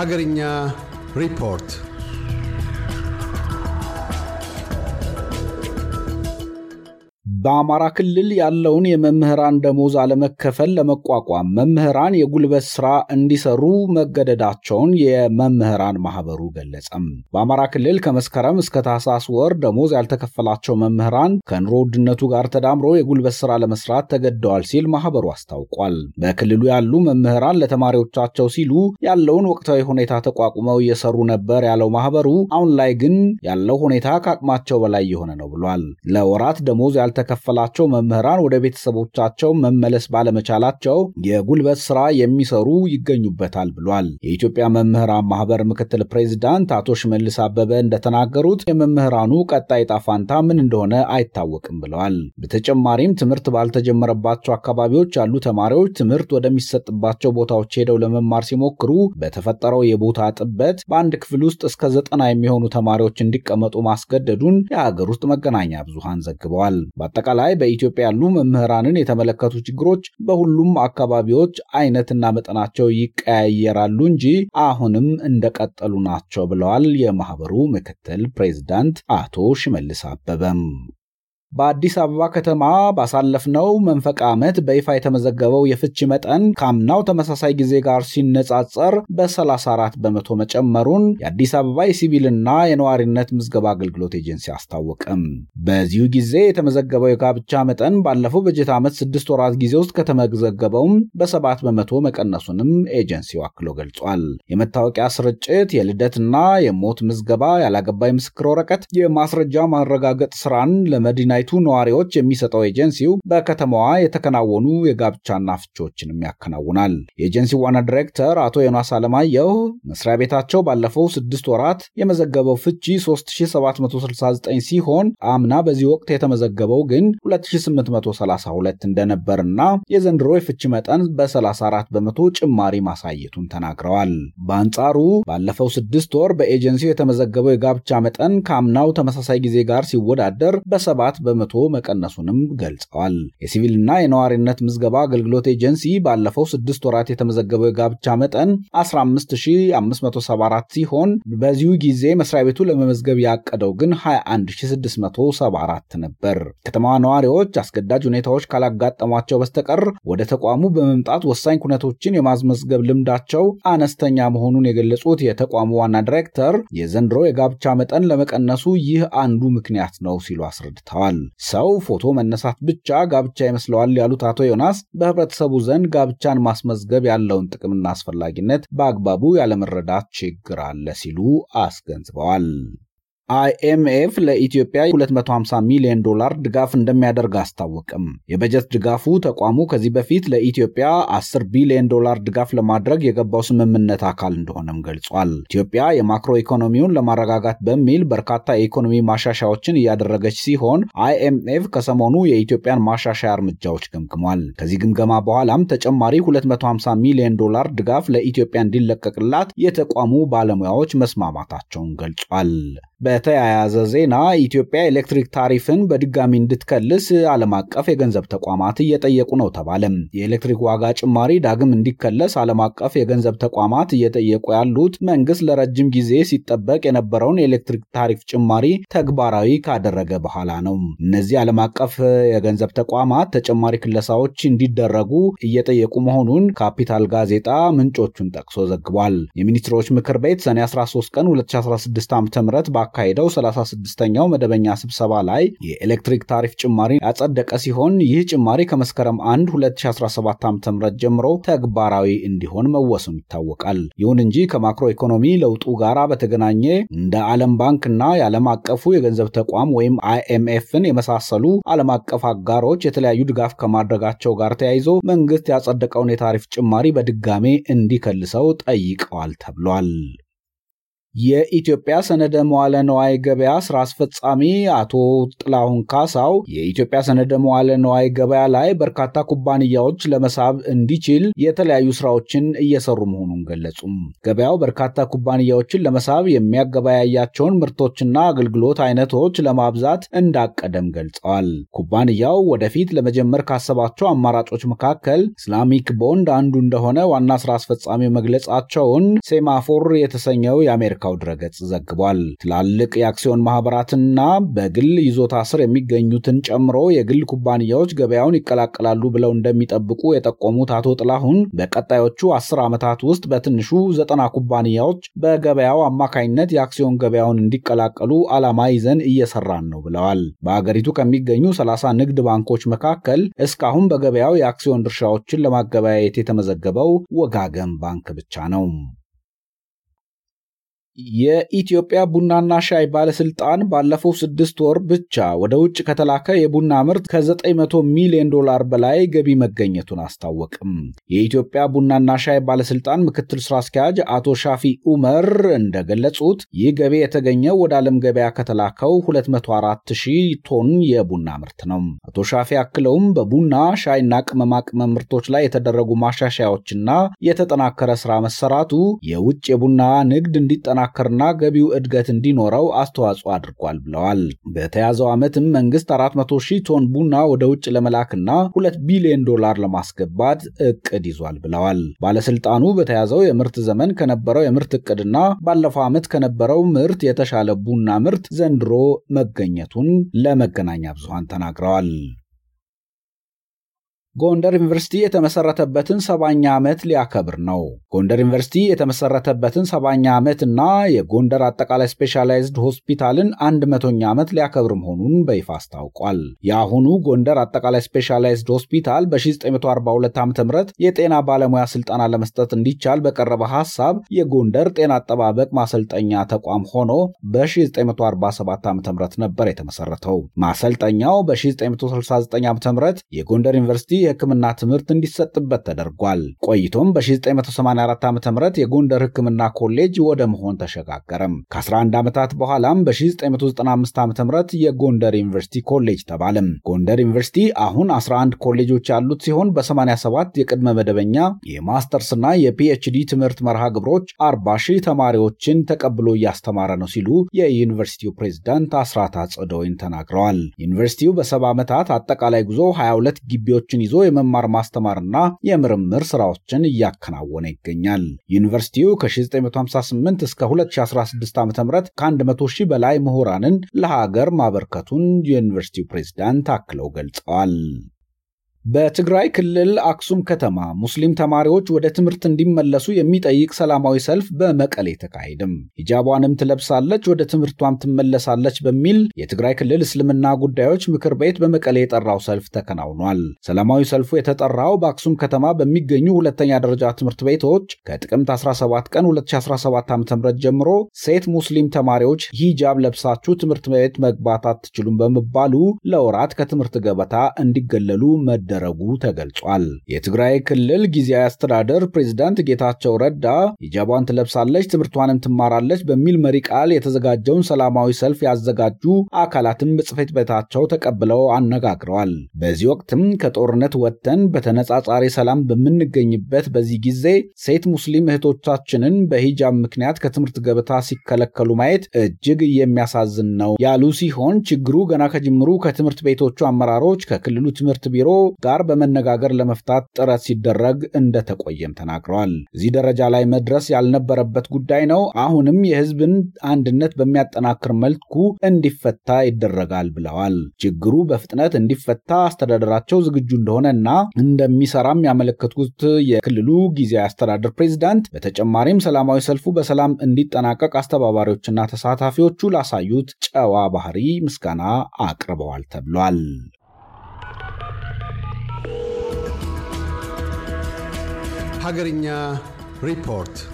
Hagarinya Report በአማራ ክልል ያለውን የመምህራን ደሞዝ አለመከፈል ለመቋቋም መምህራን የጉልበት ስራ እንዲሰሩ መገደዳቸውን የመምህራን ማህበሩ ገለጸም። በአማራ ክልል ከመስከረም እስከ ታህሳስ ወር ደሞዝ ያልተከፈላቸው መምህራን ከኑሮ ውድነቱ ጋር ተዳምሮ የጉልበት ስራ ለመስራት ተገደዋል ሲል ማህበሩ አስታውቋል። በክልሉ ያሉ መምህራን ለተማሪዎቻቸው ሲሉ ያለውን ወቅታዊ ሁኔታ ተቋቁመው እየሰሩ ነበር ያለው ማህበሩ፣ አሁን ላይ ግን ያለው ሁኔታ ከአቅማቸው በላይ የሆነ ነው ብሏል። ለወራት ደሞዝ ያልተ የተከፈላቸው መምህራን ወደ ቤተሰቦቻቸው መመለስ ባለመቻላቸው የጉልበት ስራ የሚሰሩ ይገኙበታል ብሏል። የኢትዮጵያ መምህራን ማህበር ምክትል ፕሬዚዳንት አቶ ሽመልስ አበበ እንደተናገሩት የመምህራኑ ቀጣይ ጣፋንታ ምን እንደሆነ አይታወቅም ብለዋል። በተጨማሪም ትምህርት ባልተጀመረባቸው አካባቢዎች ያሉ ተማሪዎች ትምህርት ወደሚሰጥባቸው ቦታዎች ሄደው ለመማር ሲሞክሩ በተፈጠረው የቦታ ጥበት በአንድ ክፍል ውስጥ እስከ ዘጠና የሚሆኑ ተማሪዎች እንዲቀመጡ ማስገደዱን የሀገር ውስጥ መገናኛ ብዙሃን ዘግበዋል። በአጠቃላይ በኢትዮጵያ ያሉ መምህራንን የተመለከቱ ችግሮች በሁሉም አካባቢዎች አይነትና መጠናቸው ይቀያየራሉ እንጂ አሁንም እንደቀጠሉ ናቸው ብለዋል የማህበሩ ምክትል ፕሬዚዳንት አቶ ሽመልስ አበበም። በአዲስ አበባ ከተማ ባሳለፍነው መንፈቅ ዓመት በይፋ የተመዘገበው የፍቺ መጠን ካምናው ተመሳሳይ ጊዜ ጋር ሲነጻጸር በ34 በመቶ መጨመሩን የአዲስ አበባ የሲቪልና የነዋሪነት ምዝገባ አገልግሎት ኤጀንሲ አስታወቀም። በዚሁ ጊዜ የተመዘገበው የጋብቻ መጠን ባለፈው በጀት ዓመት ስድስት ወራት ጊዜ ውስጥ ከተመዘገበውም በሰባት በመቶ መቀነሱንም ኤጀንሲው አክሎ ገልጿል። የመታወቂያ ስርጭት፣ የልደትና የሞት ምዝገባ፣ ያላገባይ ምስክር ወረቀት፣ የማስረጃ ማረጋገጥ ስራን ለመዲና የከተማይቱ ነዋሪዎች የሚሰጠው ኤጀንሲው በከተማዋ የተከናወኑ የጋብቻና ፍቺዎችንም ያከናውናል። የኤጀንሲው ዋና ዲሬክተር አቶ ዮናስ አለማየሁ መስሪያ ቤታቸው ባለፈው ስድስት ወራት የመዘገበው ፍቺ 3769 ሲሆን አምና በዚህ ወቅት የተመዘገበው ግን 2832 እንደነበርና የዘንድሮ የፍቺ መጠን በ34 በመቶ ጭማሪ ማሳየቱን ተናግረዋል። በአንጻሩ ባለፈው ስድስት ወር በኤጀንሲው የተመዘገበው የጋብቻ መጠን ከአምናው ተመሳሳይ ጊዜ ጋር ሲወዳደር በሰባት በመቶ መቀነሱንም ገልጸዋል። የሲቪልና የነዋሪነት ምዝገባ አገልግሎት ኤጀንሲ ባለፈው ስድስት ወራት የተመዘገበው የጋብቻ መጠን 15574 ሲሆን በዚሁ ጊዜ መስሪያ ቤቱ ለመመዝገብ ያቀደው ግን 21674 ነበር። ከተማዋ ነዋሪዎች አስገዳጅ ሁኔታዎች ካላጋጠሟቸው በስተቀር ወደ ተቋሙ በመምጣት ወሳኝ ኩነቶችን የማስመዝገብ ልምዳቸው አነስተኛ መሆኑን የገለጹት የተቋሙ ዋና ዲሬክተር የዘንድሮ የጋብቻ መጠን ለመቀነሱ ይህ አንዱ ምክንያት ነው ሲሉ አስረድተዋል። ሰው ፎቶ መነሳት ብቻ ጋብቻ ይመስለዋል ያሉት አቶ ዮናስ በህብረተሰቡ ዘንድ ጋብቻን ማስመዝገብ ያለውን ጥቅምና አስፈላጊነት በአግባቡ ያለመረዳት ችግር አለ ሲሉ አስገንዝበዋል። አይኤምኤፍ ለኢትዮጵያ 250 ሚሊዮን ዶላር ድጋፍ እንደሚያደርግ አስታወቅም። የበጀት ድጋፉ ተቋሙ ከዚህ በፊት ለኢትዮጵያ 10 ቢሊዮን ዶላር ድጋፍ ለማድረግ የገባው ስምምነት አካል እንደሆነም ገልጿል። ኢትዮጵያ የማክሮ ኢኮኖሚውን ለማረጋጋት በሚል በርካታ የኢኮኖሚ ማሻሻያዎችን እያደረገች ሲሆን አይኤምኤፍ ከሰሞኑ የኢትዮጵያን ማሻሻያ እርምጃዎች ገምግሟል። ከዚህ ግምገማ በኋላም ተጨማሪ 250 ሚሊዮን ዶላር ድጋፍ ለኢትዮጵያ እንዲለቀቅላት የተቋሙ ባለሙያዎች መስማማታቸውን ገልጿል። በተያያዘ ዜና ኢትዮጵያ ኤሌክትሪክ ታሪፍን በድጋሚ እንድትከልስ ዓለም አቀፍ የገንዘብ ተቋማት እየጠየቁ ነው ተባለ። የኤሌክትሪክ ዋጋ ጭማሪ ዳግም እንዲከለስ ዓለም አቀፍ የገንዘብ ተቋማት እየጠየቁ ያሉት መንግስት ለረጅም ጊዜ ሲጠበቅ የነበረውን የኤሌክትሪክ ታሪፍ ጭማሪ ተግባራዊ ካደረገ በኋላ ነው። እነዚህ ዓለም አቀፍ የገንዘብ ተቋማት ተጨማሪ ክለሳዎች እንዲደረጉ እየጠየቁ መሆኑን ካፒታል ጋዜጣ ምንጮቹን ጠቅሶ ዘግቧል። የሚኒስትሮች ምክር ቤት ሰኔ 13 ቀን 2016 ዓ ም ባካሄደው 36ኛው መደበኛ ስብሰባ ላይ የኤሌክትሪክ ታሪፍ ጭማሪ ያጸደቀ ሲሆን ይህ ጭማሪ ከመስከረም 1 2017 ዓ ም ጀምሮ ተግባራዊ እንዲሆን መወሰኑ ይታወቃል። ይሁን እንጂ ከማክሮ ኢኮኖሚ ለውጡ ጋር በተገናኘ እንደ ዓለም ባንክና የዓለም አቀፉ የገንዘብ ተቋም ወይም አይኤምኤፍን የመሳሰሉ ዓለም አቀፍ አጋሮች የተለያዩ ድጋፍ ከማድረጋቸው ጋር ተያይዞ መንግስት ያጸደቀውን የታሪፍ ጭማሪ በድጋሜ እንዲከልሰው ጠይቀዋል ተብሏል። የኢትዮጵያ ሰነደ መዋለ ነዋይ ገበያ ስራ አስፈጻሚ አቶ ጥላሁን ካሳው የኢትዮጵያ ሰነደ መዋለ ነዋይ ገበያ ላይ በርካታ ኩባንያዎች ለመሳብ እንዲችል የተለያዩ ስራዎችን እየሰሩ መሆኑን ገለጹም። ገበያው በርካታ ኩባንያዎችን ለመሳብ የሚያገበያያቸውን ምርቶችና አገልግሎት አይነቶች ለማብዛት እንዳቀደም ገልጸዋል። ኩባንያው ወደፊት ለመጀመር ካሰባቸው አማራጮች መካከል ኢስላሚክ ቦንድ አንዱ እንደሆነ ዋና ስራ አስፈጻሚ መግለጻቸውን ሴማፎር የተሰኘው የአሜሪካ የአሜሪካው ድረገጽ ዘግቧል። ትላልቅ የአክሲዮን ማህበራትና በግል ይዞታ ስር የሚገኙትን ጨምሮ የግል ኩባንያዎች ገበያውን ይቀላቀላሉ ብለው እንደሚጠብቁ የጠቆሙት አቶ ጥላሁን በቀጣዮቹ አስር ዓመታት ውስጥ በትንሹ ዘጠና ኩባንያዎች በገበያው አማካኝነት የአክሲዮን ገበያውን እንዲቀላቀሉ ዓላማ ይዘን እየሰራን ነው ብለዋል። በአገሪቱ ከሚገኙ 30 ንግድ ባንኮች መካከል እስካሁን በገበያው የአክሲዮን ድርሻዎችን ለማገበያየት የተመዘገበው ወጋገን ባንክ ብቻ ነው። የኢትዮጵያ ቡናና ሻይ ባለስልጣን ባለፈው ስድስት ወር ብቻ ወደ ውጭ ከተላከ የቡና ምርት ከ900 ሚሊዮን ዶላር በላይ ገቢ መገኘቱን አስታወቅም። የኢትዮጵያ ቡናና ሻይ ባለስልጣን ምክትል ስራ አስኪያጅ አቶ ሻፊ ኡመር እንደገለጹት ይህ ገቢ የተገኘው ወደ ዓለም ገበያ ከተላከው 204 ሺህ ቶን የቡና ምርት ነው። አቶ ሻፊ አክለውም በቡና ሻይና ቅመማ ቅመም ምርቶች ላይ የተደረጉ ማሻሻያዎችና የተጠናከረ ስራ መሰራቱ የውጭ የቡና ንግድ እንዲጠናከ እንዲጠናከርና ገቢው እድገት እንዲኖረው አስተዋጽኦ አድርጓል ብለዋል። በተያዘው ዓመትም መንግስት 400 ሺህ ቶን ቡና ወደ ውጭ ለመላክና 2 ቢሊዮን ዶላር ለማስገባት እቅድ ይዟል ብለዋል። ባለስልጣኑ በተያዘው የምርት ዘመን ከነበረው የምርት እቅድና ባለፈው ዓመት ከነበረው ምርት የተሻለ ቡና ምርት ዘንድሮ መገኘቱን ለመገናኛ ብዙሃን ተናግረዋል። ጎንደር ዩኒቨርሲቲ የተመሰረተበትን ሰባኛ ዓመት ሊያከብር ነው። ጎንደር ዩኒቨርሲቲ የተመሰረተበትን ሰባኛ ዓመት እና የጎንደር አጠቃላይ ስፔሻላይዝድ ሆስፒታልን አንድ መቶኛ ዓመት ሊያከብር መሆኑን በይፋ አስታውቋል። የአሁኑ ጎንደር አጠቃላይ ስፔሻላይዝድ ሆስፒታል በ1942 ዓ ም የጤና ባለሙያ ስልጠና ለመስጠት እንዲቻል በቀረበ ሐሳብ የጎንደር ጤና አጠባበቅ ማሰልጠኛ ተቋም ሆኖ በ1947 ዓ ም ነበር የተመሰረተው። ማሰልጠኛው በ1969 ዓ ም የጎንደር ዩኒቨርሲቲ የህክምና ትምህርት እንዲሰጥበት ተደርጓል። ቆይቶም በ1984 ዓ ም የጎንደር ህክምና ኮሌጅ ወደ መሆን ተሸጋገረም። ከ11 ዓመታት በኋላም በ1995 ዓ ም የጎንደር ዩኒቨርሲቲ ኮሌጅ ተባለም። ጎንደር ዩኒቨርሲቲ አሁን 11 ኮሌጆች ያሉት ሲሆን በ87 የቅድመ መደበኛ የማስተርስና የፒኤችዲ ትምህርት መርሃ ግብሮች 40 ሺህ ተማሪዎችን ተቀብሎ እያስተማረ ነው ሲሉ የዩኒቨርሲቲው ፕሬዝዳንት አስራት አጽደወይን ተናግረዋል። ዩኒቨርሲቲው በሰባ ዓመታት አጠቃላይ ጉዞ 22 ግቢዎችን ይዞ የመማር ማስተማርና የምርምር ስራዎችን እያከናወነ ይገኛል። ዩኒቨርሲቲው ከ1958 እስከ 2016 ዓ ም ከ100 ሺህ በላይ ምሁራንን ለሀገር ማበርከቱን የዩኒቨርሲቲው ፕሬዝዳንት አክለው ገልጸዋል። በትግራይ ክልል አክሱም ከተማ ሙስሊም ተማሪዎች ወደ ትምህርት እንዲመለሱ የሚጠይቅ ሰላማዊ ሰልፍ በመቀሌ ተካሄድም። ሂጃቧንም ትለብሳለች ወደ ትምህርቷም ትመለሳለች በሚል የትግራይ ክልል እስልምና ጉዳዮች ምክር ቤት በመቀሌ የጠራው ሰልፍ ተከናውኗል። ሰላማዊ ሰልፉ የተጠራው በአክሱም ከተማ በሚገኙ ሁለተኛ ደረጃ ትምህርት ቤቶች ከጥቅምት 17 ቀን 2017 ዓ.ም ጀምሮ ሴት ሙስሊም ተማሪዎች ሂጃብ ለብሳችሁ ትምህርት ቤት መግባት አትችሉም በመባሉ ለወራት ከትምህርት ገበታ እንዲገለሉ መደ መደረጉ ተገልጿል። የትግራይ ክልል ጊዜያዊ አስተዳደር ፕሬዚዳንት ጌታቸው ረዳ ሂጃቧን ትለብሳለች፣ ትምህርቷንም ትማራለች በሚል መሪ ቃል የተዘጋጀውን ሰላማዊ ሰልፍ ያዘጋጁ አካላትም በጽፈት ቤታቸው ተቀብለው አነጋግረዋል። በዚህ ወቅትም ከጦርነት ወጥተን በተነጻጻሪ ሰላም በምንገኝበት በዚህ ጊዜ ሴት ሙስሊም እህቶቻችንን በሂጃብ ምክንያት ከትምህርት ገበታ ሲከለከሉ ማየት እጅግ የሚያሳዝን ነው ያሉ ሲሆን ችግሩ ገና ከጅምሩ ከትምህርት ቤቶቹ አመራሮች፣ ከክልሉ ትምህርት ቢሮ፣ ጋር በመነጋገር ለመፍታት ጥረት ሲደረግ እንደተቆየም ተናግረዋል። እዚህ ደረጃ ላይ መድረስ ያልነበረበት ጉዳይ ነው። አሁንም የህዝብን አንድነት በሚያጠናክር መልኩ እንዲፈታ ይደረጋል ብለዋል። ችግሩ በፍጥነት እንዲፈታ አስተዳደራቸው ዝግጁ እንደሆነ እና እንደሚሰራም ያመለከቱት የክልሉ ጊዜያዊ አስተዳደር ፕሬዚዳንት በተጨማሪም ሰላማዊ ሰልፉ በሰላም እንዲጠናቀቅ አስተባባሪዎችና ተሳታፊዎቹ ላሳዩት ጨዋ ባህሪ ምስጋና አቅርበዋል ተብሏል። Hagarinya Report.